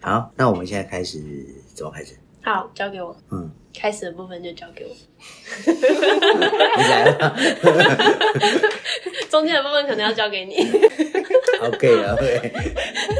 好，那我們現在開始，怎麼開始？好，交給我。嗯，開始的部分就交給我。你來了。中間的部分可能要交給你。 OK，OK okay, okay.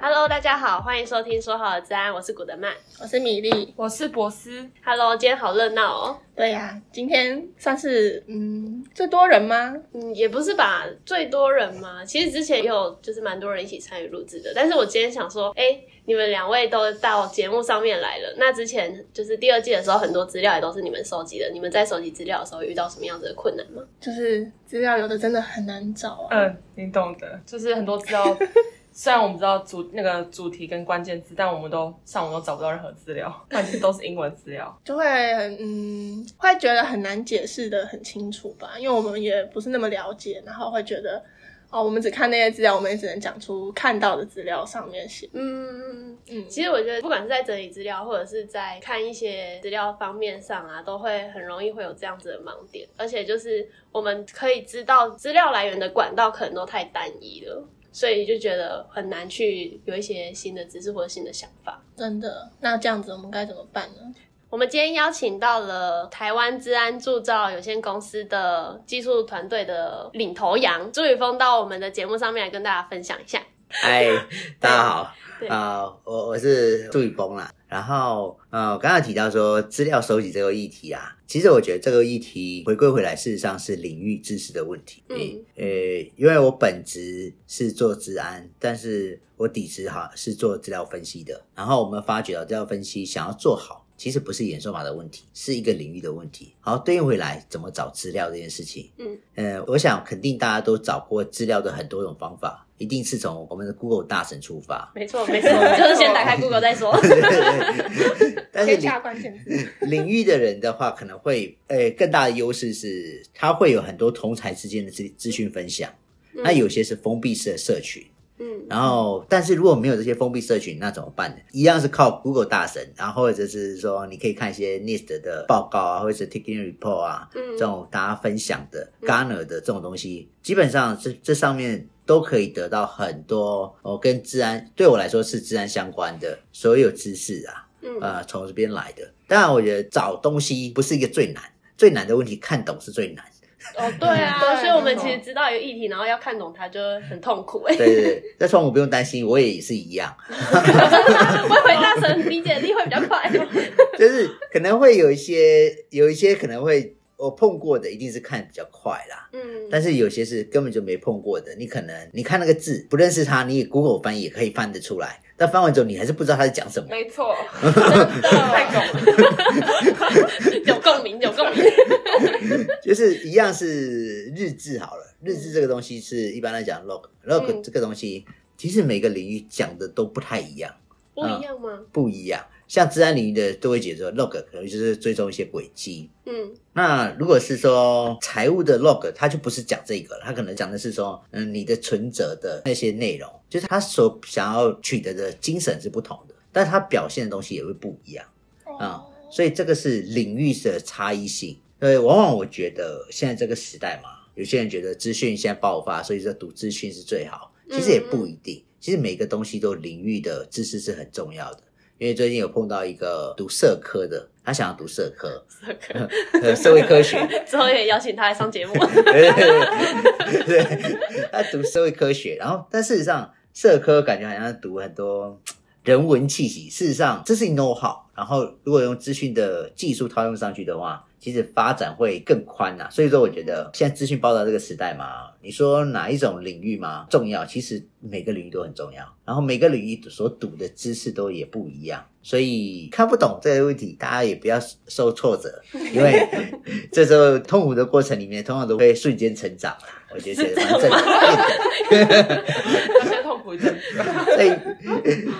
Hello，大家好，歡迎收聽《說好的資安》，我是古德曼，我是米粒，我是博斯。Hello，今天好熱鬧哦。對呀、啊，今天算是嗯，最多人嗎？嗯，也不是吧，最多人嗎？其實之前也有就是蠻多人一起參與錄製的，但是我今天想說，哎、欸，你們兩位都到節目上面來了，那之前就是第二季的時候，很多資料也都是你們收集的。你們在收集資料的時候遇到什麼樣子的困難嗎？就是資料有的真的很難找啊。嗯，你懂得，就是很多資料。雖然我們知道主那個主題跟關鍵字，但我們都上網都找不到任何資料，但是都是英文資料， 就會很嗯，會覺得很難解釋的很清楚吧，因為我們也不是那麼了解，然後會覺得啊、哦，我們只看那些資料，我們也只能講出看到的資料上面寫。嗯嗯嗯。其實我覺得，不管是在整理資料，或者是在看一些資料方面上啊，都會很容易會有這樣子的盲點，而且就是我們可以知道資料來源的管道可能都太單一了。所以就覺得很難去有一些新的知識或者新的想法，真的。那這樣子我們該怎麼辦呢？我們今天邀請到了台灣資安鑄造有限公司的技術團隊的領頭羊、嗯、朱宇豐，到我們的節目上面來跟大家分享一下。哎， 大家好啊！啊呃、我我是朱宇豐啦。然後呃，我剛剛提到說，資料收集這個議題啊，其實我覺得這個議題回歸回來，事實上是領域知識的問題。嗯，呃，因為我本職是做資安，但是我底子哈是做資料分析的。然後我們發覺到資料分析想要做好。其實不是演說法的問題，是一個領域的問題。好，對應回來怎麼找資料這件事情，嗯，呃，我想肯定大家都找過資料的很多種方法，一定是從我們的 Google 大神出發。沒錯，沒錯， 就是先打開 Google 再說。 但是其他關鍵 領域的人的話，可能會誒、呃、更大的優勢是，他會有很多同儕之間的資資訊分享、嗯，那有些是封閉式的社群。嗯，然後，但是如果沒有這些封閉社群，那怎麼辦呢？一樣是靠 Google 大神，然後或者是說你可以看一些 NIST 的報告啊，或者是 Technical Report 啊，這種大家分享的、嗯、Gartner 的這種東西，基本上這這上面都可以得到很多哦，跟資安對我來說是資安相關的所有知識啊，嗯、呃、啊，從這邊來的。當然，我覺得找東西不是一個最難，最難的問題，看懂是最難。哦，對啊、嗯對，所以我們其實知道有議題，嗯、然後要看懂它就很痛苦、欸。對對，但雙我不用擔心，我也是一樣。我 會，會大神理解力會比較快， 就是可能會有一些有一些可能會。我碰過的一定是看比較快啦，嗯，但是有些是根本就沒碰過的，你可能你看那個字不認識它，你 Google 翻譯也可以翻得出來，但翻完之後你還是不知道它在講什麼。沒錯，太懂了， 有共鳴，有共鳴，就是一樣是日志好了，日誌這個東西是一般來講 log log，嗯、這個東西，其實每個領域講的都不太一樣，不一樣嗎？啊、不一樣。像資安領域的都會解說 log 可能就是追蹤一些軌跡。嗯，那如果是說財務的 log，它就不是講這個了，它可能講的是說，嗯，你的存折的那些內容，就是他所想要取得的精神是不同的，但他表現的東西也會不一樣啊、嗯。所以這個是領域的差異性。所以往往我覺得現在這個時代嘛，有些人覺得資訊現在爆發，所以說讀資訊是最好，其實也不一定。嗯嗯，其實每個東西都有領域的知識是很重要的。因為最近有碰到一個讀社科的，他想要讀社科，社科，社會科學， 之後也邀請他來上節目 對對對。對，他讀社會科學，然後但事實上，社科感覺好像讀很多人文氣息，事實上，這是你 know how，然後，如果用資訊的技術套用上去的話，其實發展會更寬吶、啊。所以說，我覺得現在資訊報道這個時代嘛，你說哪一種領域嘛重要？其實每個領域都很重要。然後每個領域所賭的知識都也不一樣。所以看不懂這些問題，大家也不要受挫折，因為 這時候痛苦的過程裡面，通常都會瞬間成長。我覺得，覺得蠻正常的。所以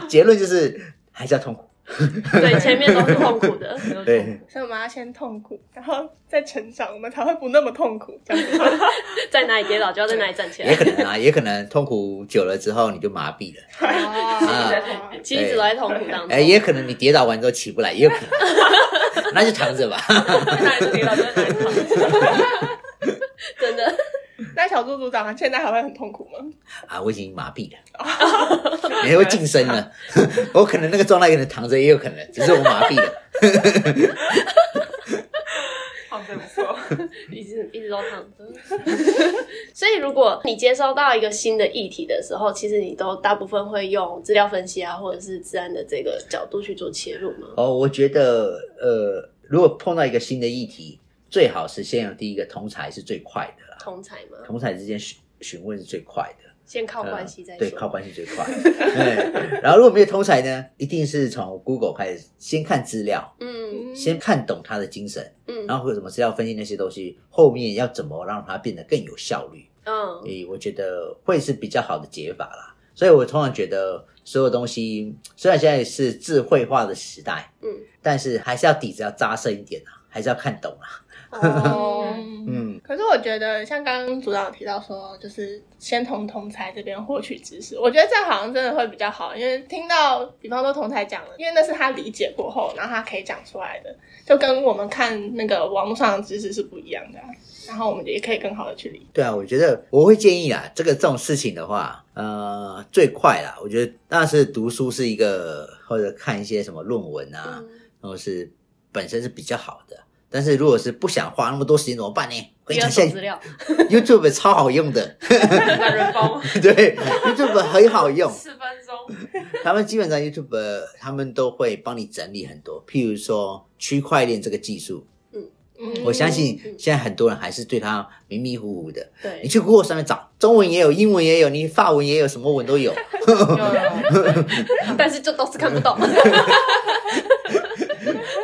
結論就是還是要痛苦。 對，前面都是痛苦的痛苦。對，所以我們要先痛苦，然後再成長，成長我們才會不那麼痛苦。這樣子 在哪裡跌倒就要在哪裡站起來。也可能啊，也可能痛苦久了之後你就麻痹了，其實一直都在痛苦當中。哎、欸，也可能你跌倒完之後起不來，也有可能。 那就躺着吧。哪裡跌倒就在哪裡躺。真的。那小朱組長現在還會很痛苦嗎？啊，我已經麻痹了，也會晉升了。 我可能那個狀態可能躺着，也有可能，只是我麻痹了。好、 哦、不苦， 一直一直都躺着。 所以，如果你接收到一個新的議題的時候，其實你都大部分會用資料分析啊，或者是資安的這個角度去做切入嗎？哦，我覺得，呃，如果碰到一個新的議題。最好是先有第一個通才是最快的啦。通才嗎？通才之間詢詢問是最快的，先靠關係再說。呃、對， 靠關係最快。嗯、 然後如果沒有通才呢，一定是從 Google 開始，先看資料，嗯，先看懂他的精神，嗯、然後或者什麼資料分析那些東西，後面要怎麼讓它變得更有效率，嗯，誒，我覺得會是比較好的解法啦。所以我通常覺得所有東西，雖然現在是智慧化的時代，嗯，但是還是要底子要扎深一點啊，還是要看懂啊。哦、oh, 嗯，可是我覺得像剛剛組長提到說，就是先從同，同才這邊獲取知識，我覺得這好像真的會比較好，因為聽到比方說同才講了，因為那是他理解過後，然後他可以講出來的，就跟我們看那個網絡上的知識是不一樣的，然後我們也可以更好的去理解。對啊，我覺得我會建議啊，這個這種事情的話，呃，最快啦，我覺得當然是讀書是一個，或者看一些什麼論文啊，然後、呃、是本身是比較好的。但是如果是不想花那麼多時間怎麼辦呢？你要下載 YouTube 超好用的，人 對，YouTube 很好用，四分鐘。他們基本上 YouTube 他們都會幫你整理很多，譬如說區塊鏈這個技術，嗯，嗯我相信現在很多人還是對他迷迷糊糊糊的。對，你去 Google 上面找，中文也有，英文也有，你法文也有，什麼文都有， 有但是就都是看不懂，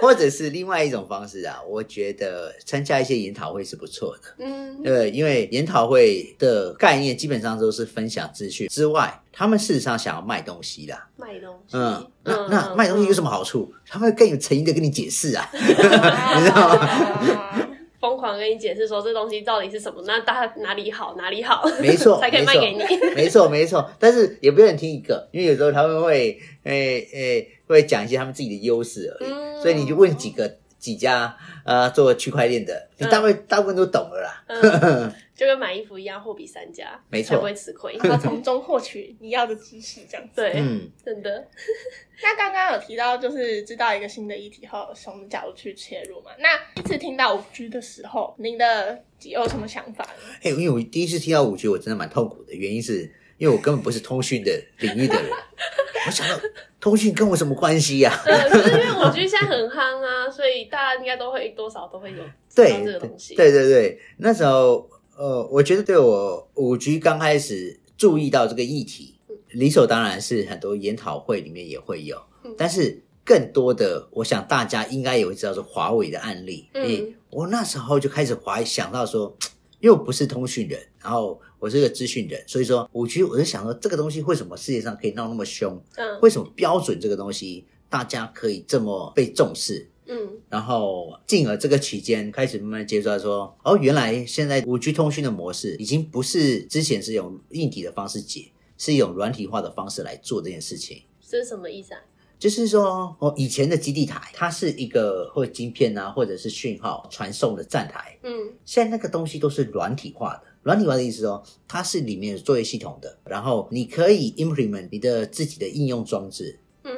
或者是另外一種方式啊，我覺得參加一些研討會是不錯的。嗯，對，對，因為研討會的概念基本上都是分享資訊之外，他們事實上想要賣東西的。賣東西。嗯，那嗯那，那賣東西有什麼好處？嗯、他們會更有誠意的跟你解釋啊， 你知道嗎？瘋、啊啊、 狂的跟你解釋說這東西到底是什麼，那大家哪裡好，哪裡好，沒錯，才可以賣給你。沒錯，沒錯，沒錯，但是也不願意聽一個，因為有時候他們會，哎、欸、哎。欸會講一些他們自己的優勢而已，嗯、所以你就問幾個幾家呃做區塊鏈的，嗯、你大部分大部分都懂了啦、嗯呵呵。就跟買衣服一樣，貨比三家，沒錯，不會吃虧。要從中獲取你要的知識，這樣 對，嗯，真的。 那剛剛有提到就是知道一個新的議題後，從角度去切入嘛。那一次聽到五 G 的時候，您的有什麼想法呢？哎，因為我第一次聽到五 G，我真的蠻痛苦的，原因是因為我根本不是通訊的領域的人。 我想到通訊跟我什麼關係呀、啊 不、就是因為我覺得現在很夯啊，所以大家應該都會多少都會有這個東西 對。對對對，那時候呃，我覺得對我 5G 剛開始注意到這個議題，理所當然是很多研討會裡面也會有。但是更多的，我想大家應該也會知道是華為的案例。嗯，我那時候就開始懷想到說，又不是通訊人，然後。我是一個資訊人，所以說五 G，我是想說這個東西為什麼世界上可以鬧那麼兇？嗯，為什麼標準這個東西大家可以這麼被重視？嗯，然後進而這個期間開始慢慢接觸到說，哦，原來現在五 G 通訊的模式已經不是之前是用硬體的方式解，是用軟體化的方式來做這件事情。這是什麼意思啊？就是說，哦，以前的基地台它是一個或者晶片啊，或者是訊號傳送的站台，嗯，現在那個東西都是軟體化的。軟體化的意思說，它是裡面有作業系統的，然後你可以 implement 你的自己的應用裝置。嗯，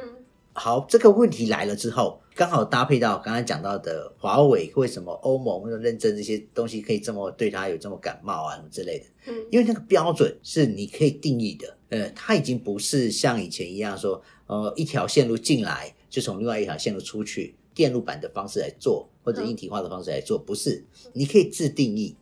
好，這個問題來了之後，剛好搭配到剛才講到的華為為什麼歐盟認證這些東西可以這麼對它有這麼感冒啊之類的。嗯，因為那個標準是你可以定義的，呃，它已經不是像以前一樣說，呃，一條線路進來就從另外一條線路出去，電路板的方式來做，或者硬體化的方式來做，不是，嗯、你可以自定義。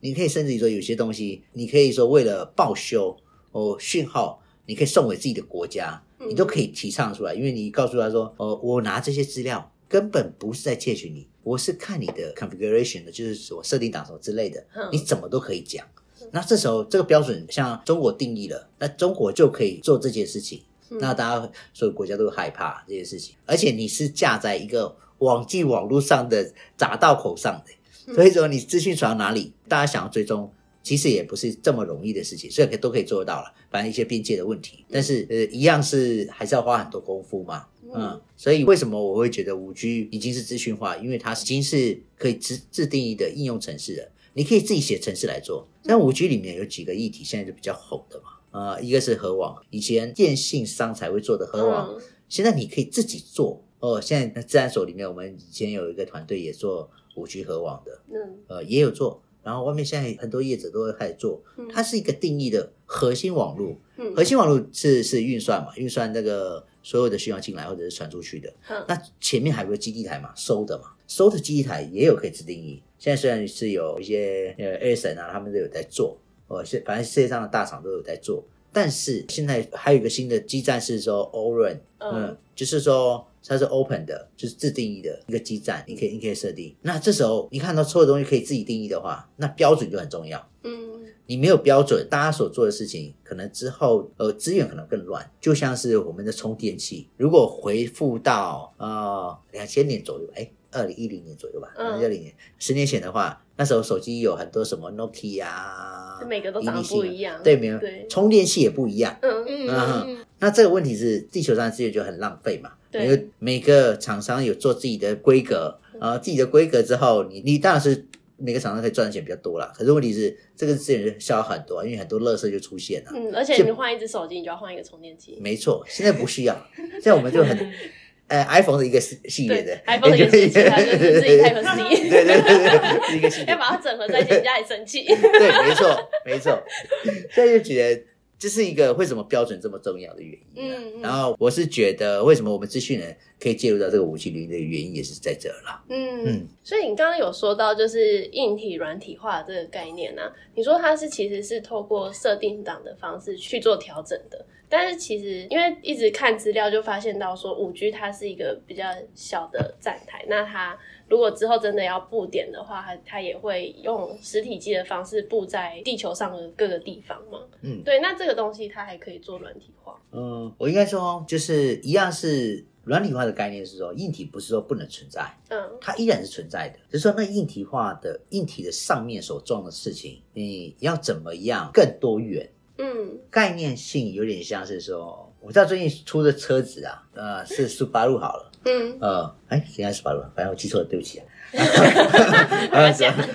你可以甚至於說，有些東西，你可以說為了報修哦，訊號，你可以送給自己的國家、嗯，你都可以提倡出來，因為你告訴他說，哦，我拿這些資料根本不是在竊取你，我是看你的 configuration 的，就是說設定檔什麼之類的、嗯，你怎麼都可以講。嗯、那這時候這個標準像中國定義了，那中國就可以做這件事情，那大家所有國家都害怕這件事情，而且你是架在一個網際網絡上的閘道口上的。所以說，你資訊傳到哪裡，大家想要追蹤，其實也不是這麼容易的事情。所以可以都可以做到了，反正一些邊界的問題，但是呃，一樣是還是要花很多功夫嘛。嗯，嗯所以為什麼我會覺得五 G 已經是資訊化？因為它已經是可以自自定義的應用程式了，你可以自己寫程式來做。那五 G 裡面有幾個議題現在就比較紅的嘛？呃，一個是核網，以前電信商才會做的核網、哦，現在你可以自己做哦、呃。現在在資安所裡面，我們以前有一個團隊也做，五 G 合網的、嗯，呃，也有做，然後外面現在很多業者都會開始做，它是一個定義的核心網絡，核心網絡是是運算嘛，運算那個所有的需要進來或者是傳出去的，嗯、那前面還有個基地台嘛,嘛，收的嘛，收的基地台也有可以自定義，現在雖然是有一些呃 ASN 啊，他們都有在做，呃，是反正世界上的大廠都有在做，但是現在還有一個新的基站是說 Orange，嗯,嗯，就是說。它是 open 的，就是自定義的一個基站，你可以，你可以設定。那這時候你看到錯的東西可以自己定義的話，那標準就很重要。嗯，你沒有標準，大家所做的事情可能之後呃，資源可能更亂。就像是我們的充電器，如果回復到呃兩千年左右，哎，二零一零年左右吧，二零一零年十、嗯、年前的話，那時候手機有很多什麼 Nokia 啊，每個都長得不一樣，啊，對，沒有對充電器也不一樣。嗯嗯。嗯那這個問題是地球上的資源就很浪費嘛？對，每個每個廠商有做自己的規格，呃，自己的規格之後你，你你當然是每個廠商可以賺的錢比較多啦。可是問題是，這個資源就消耗很多，因為很多垃圾就出現了。嗯，而且你換一隻手機，你就要換一個充電器。沒錯，現在不需要。現在我們就很， 呃，iPhone 的一個系系列的，iPhone 的一個系列就是自系列、欸，對對對對， 對對對對，一個系列 要把它整合在一起，人家很生氣。 對，沒錯，沒錯。現在就覺得。這是一個為什麼標準這麼重要的原因、啊、嗯，嗯。然後我是覺得，為什麼我們資訊人可以介入到這個 5G 領域的原因，也是在這了。嗯嗯。所以你剛剛有說到，就是硬體軟體化這個概念呢、啊？你說它是其實是透過設定檔的方式去做調整的。但是其實，因為一直看資料，就發現到說 5G 它是一個比較小的站台。那它如果之後真的要布點的話，它它也會用實體機的方式布在地球上的各個地方嘛。嗯，對。那這個東西它還可以做軟體化。嗯，我應該說，就是一樣是軟體化的概念是說，硬體不是說不能存在，嗯，它依然是存在的。只是說那硬體化的硬體的上面所做的事情，你要怎麼樣更多元？嗯，概念性有點像是說，我知道最近出的車子啊，呃，是 Subaru 好了，嗯，呃，哎，應該是 Subaru，反正我記錯了，對不起 啊。沒關係啊哈。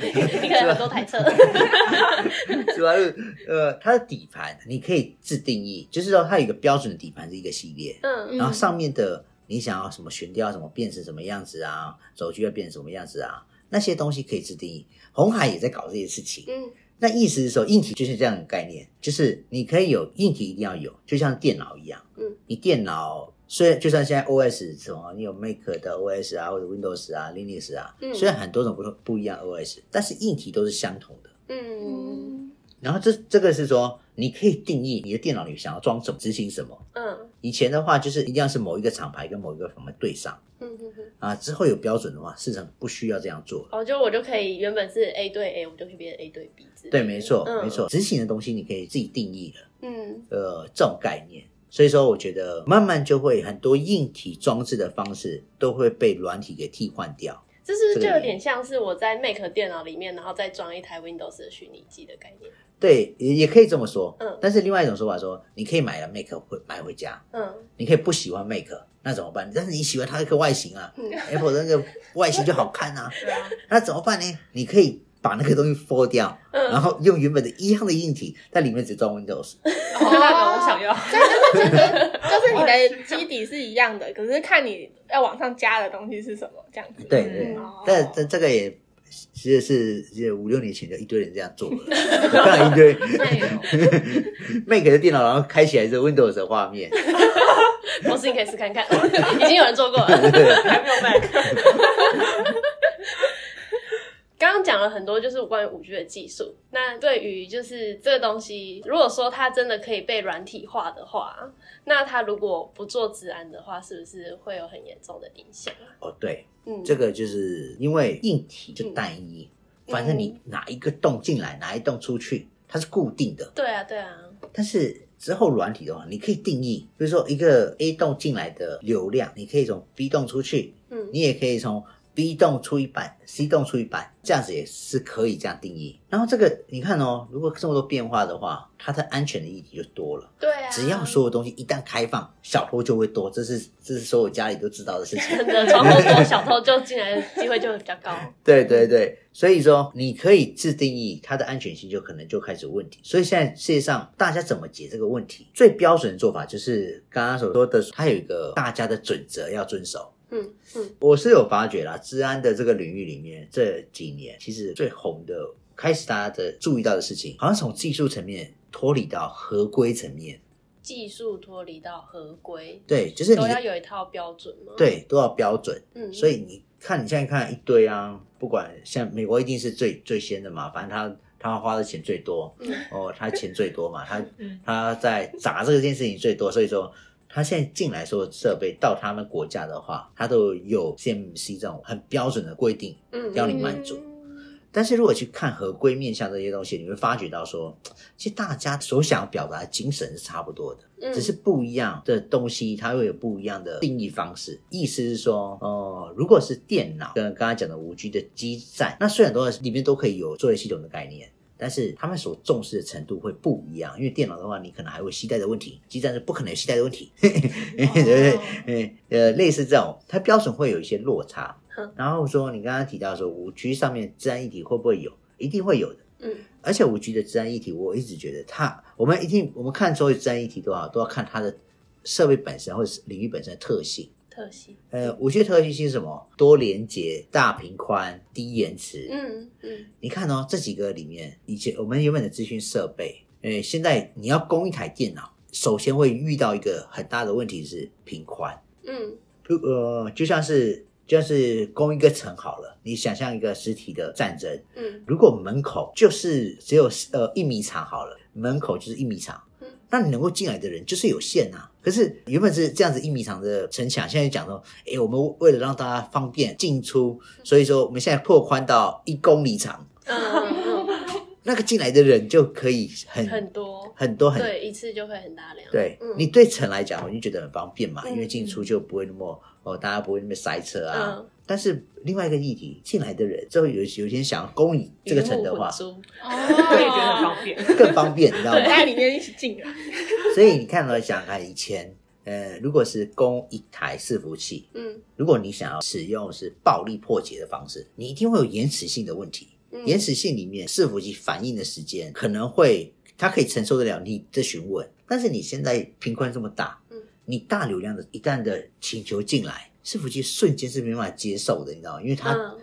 你可能多台車。 Subaru，呃，它的底盤你可以自定義，就是說它有一個標準的底盤是一個系列，嗯，然後上面的你想要什麼懸吊，什麼變成什麼樣子啊，軸距要變成什麼樣子啊，那些東西可以自定義。紅海也在搞這些事情，嗯。那意思的時候，硬體就是這樣的概念，就是你可以有硬體一定要有，就像電腦一樣，嗯，你電腦雖然就算現在 O S 什麼，你有 Mac 的 O S 啊，或者 Windows 啊，Linux 啊，嗯，雖然很多種不同不一樣 O S，但是硬體都是相同的，嗯。然後這這個是說，你可以定義你的電腦裡想要裝什麼，執行什麼。嗯，以前的話就是一定要是某一個廠牌跟某一個什麼對上。嗯嗯嗯。啊，之後有標準的話，市場不需要這樣做。哦，就我就可以原本是 A 對 A，我就可以變成 A 對 B。對，沒錯，嗯，沒錯，執行的東西你可以自己定義了。嗯。呃，這種概念，所以說我覺得慢慢就會很多硬體裝置的方式都會被軟體給替換掉。這是不是就有點像是我在 Mac 電腦裡面，然後再裝一台 Windows 的虛擬機的概念？對，也也可以這麼說。嗯。但是另外一種說法說，你可以買了 Mac 回買回家。嗯。你可以不喜歡 Mac，那怎麼辦？但是你喜歡它一個、啊、 的那個外形啊，Apple 那個外形就好看啊。 對啊。那怎麼辦呢？你可以把那個東西 fold 掉，然後用原本的一樣的硬體在裡面只裝 Windows。 哦、啊，我想要。就是你的基底是一樣的樣，可是看你要往上加的東西是什麼這樣子。對對、對、嗯，但這這個也其實是其實五六年前就一堆人這樣做了，當 然一堆。 哎、呦 Mac 的電腦，然後開起來是 Windows 的畫面。 同時你可以試看看， 哦、已經有人做過了。 對對對，還沒有 Mac 剛剛講了很多，就是關於 5G 的技術。那對於就是這個東西，如果說它真的可以被軟體化的話，那它如果不做資安的話，是不是會有很嚴重的影響？哦，對，嗯，這個就是因為硬體就單一，嗯、反正你哪一個洞進來，嗯、哪一個洞出去，它是固定的。對啊，對啊。但是之後軟體的話，你可以定義，比如說一個 A 洞進來的流量，你可以從 B 洞出去，嗯，你也可以從。B 棟出一半，C 棟出一半，這樣子也是可以這樣定義。然後這個你看哦，如果這麼多變化的話，它的安全的議題就多了。對啊。只要所有東西一旦開放，小偷就會多，這是這是所有家裡都知道的事情。真的，窗戶多，小偷就進來的機會就比較高。對對對，所以說你可以自定義，它的安全性就可能就開始有問題。所以現在世界上大家怎麼解這個問題？最標準的做法就是剛剛所說的，它有一個大家的準則要遵守。嗯嗯，我是有發覺啦，資安的這個領域裡面，這幾年其實最紅的，開始大家的注意到的事情，好像從技術層面脫離到合規層面。技術脫離到合規，對，就是你都要有一套標準嗎？對，都要標準。嗯，所以你看，你現在看一堆啊，不管像美國一定是最最先的嘛，反正他他花的錢最多， 哦，他錢最多嘛，他他在砸這件事情最多，所以說。他現在進來說設備到他們國家的話，他都有 CMC 這種很標準的規定，嗯，要你滿足。但是如果去看合規面向這些東西，你會發覺到說，其實大家所想表達的精神是差不多的，只是不一樣的東西，它會有不一樣的定義方式。意思是說，哦、呃，如果是電腦跟剛才講的 5G 的基站，那雖然都多裡面都可以有作業系統的概念。但是他們所重視的程度會不一樣，因為電腦的話，你可能還會攜帶的問題，基站是不可能有攜帶的問題，嘿嘿、哦、 對不對？呃，類似這種，它標準會有一些落差。哦、然後說你剛剛提到說 5G 上面資安議題會不會有？一定會有的。嗯，而且 5G 的資安議題，我一直覺得它，我們一定，我們看所有資安議題都好，都要看它的設備本身或者領域本身的特性。特性，呃，五 G 特性是什麼？多連接、大頻寬、低延遲。嗯嗯，你看哦，這幾個裡面，以前我們原本的資訊設備，呃，現在你要供一台電腦，首先會遇到一個很大的問題是頻寬。嗯，就呃，就像是就像是供一個城好了，你想象一個實體的戰爭。嗯，如果門口就是只有呃一米長好了，門口就是一米長，嗯，那你能夠進來的人就是有限吶、啊。可是原本是這樣子一米長的城牆，現在講說，哎、欸，我們為了讓大家方便進出，所以說我們現在擴寬到一公里長。嗯，嗯，那個進來的人就可以很很多很多很對，一次就會很大量。對，嗯、你對城來講，你就覺得很方便嘛，因為進出就不會那麼哦，大家不會那麼塞車啊、嗯。但是另外一個議題，進來的人最後有有一天想要攻你這個城的話，對，覺得很方便， 更方便，你知道嗎？大家裡面一起進來。所以你看到小孩以前，呃，如果是供一台伺服器，嗯，如果你想要使用是暴力破解的方式，你一定會有延遲性的問題。嗯、延遲性裡面，伺服器反應的時間可能會，它可以承受得了你的詢問，但是你現在頻寬這麼大，嗯，你大流量的一旦的請求進來，伺服器瞬間是沒辦法接受的，你知道嗎？因為它、嗯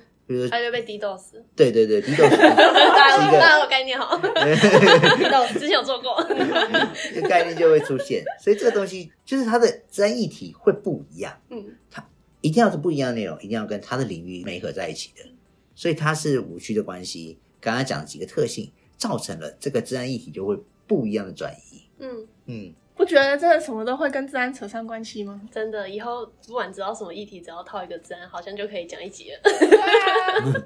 他就被 DDOS，對對對，DDOS，大家大家有概念好 d d 之前有做過 這概念就會出現，所以這個東西就是它的資安議題會不一樣，嗯，它一定要是不一樣的內容，一定要跟它的領域沒合在一起的，所以它是無序的關係。剛剛講幾個特性，造成了這個資安議題就會不一樣的轉移，嗯嗯。不覺得真的什麼都會跟資安扯上關係嗎？真的，以後不管知道什麼議題，只要套一個資安，好像就可以講一集了。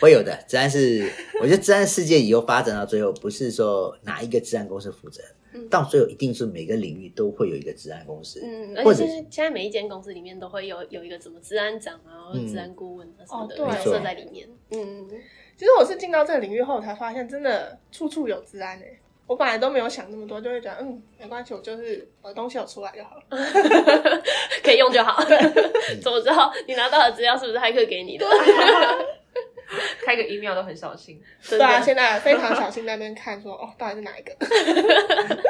會 有的，資安是我覺得資安世界以後發展到最後，不是說哪一個資安公司負責，嗯，到最後一定是每個領域都會有一個資安公司。嗯。而且現在每一間公司裡面都會有有一個什麼資安長啊，或者資安顧問啊什麼的、嗯哦、對角色在裡面。嗯嗯。其實我是進到這個領域後我才發現，真的處處有資安哎、欸。我本來都沒有想那麼多，就會覺得嗯，沒關係，我就是我的東西我出來就好了， 可以用就好。 怎麼知道你拿到的資料是不是駭客給你的？ 開個 email 都很小心 是，對啊，現在非常小心在那邊看說，說 哦，到底是哪一個？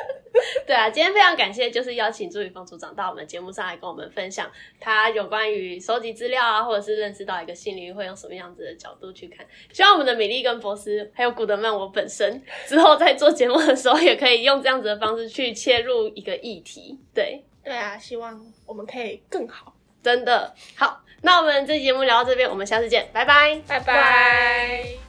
對啊，今天非常感謝，就是邀請朱宇豐組長到我們節目上來跟我們分享，他有關於收集資料啊，或者是認識到一個新領域，會用什麼樣子的角度去看。希望我們的米粒跟博士，還有古德曼，我本身之後在做節目的時候，也可以用這樣子的方式去切入一個議題。對，對啊，希望我們可以更好，真的。好，那我們這期節目聊到這邊，我們下次見，拜拜，拜拜。Bye bye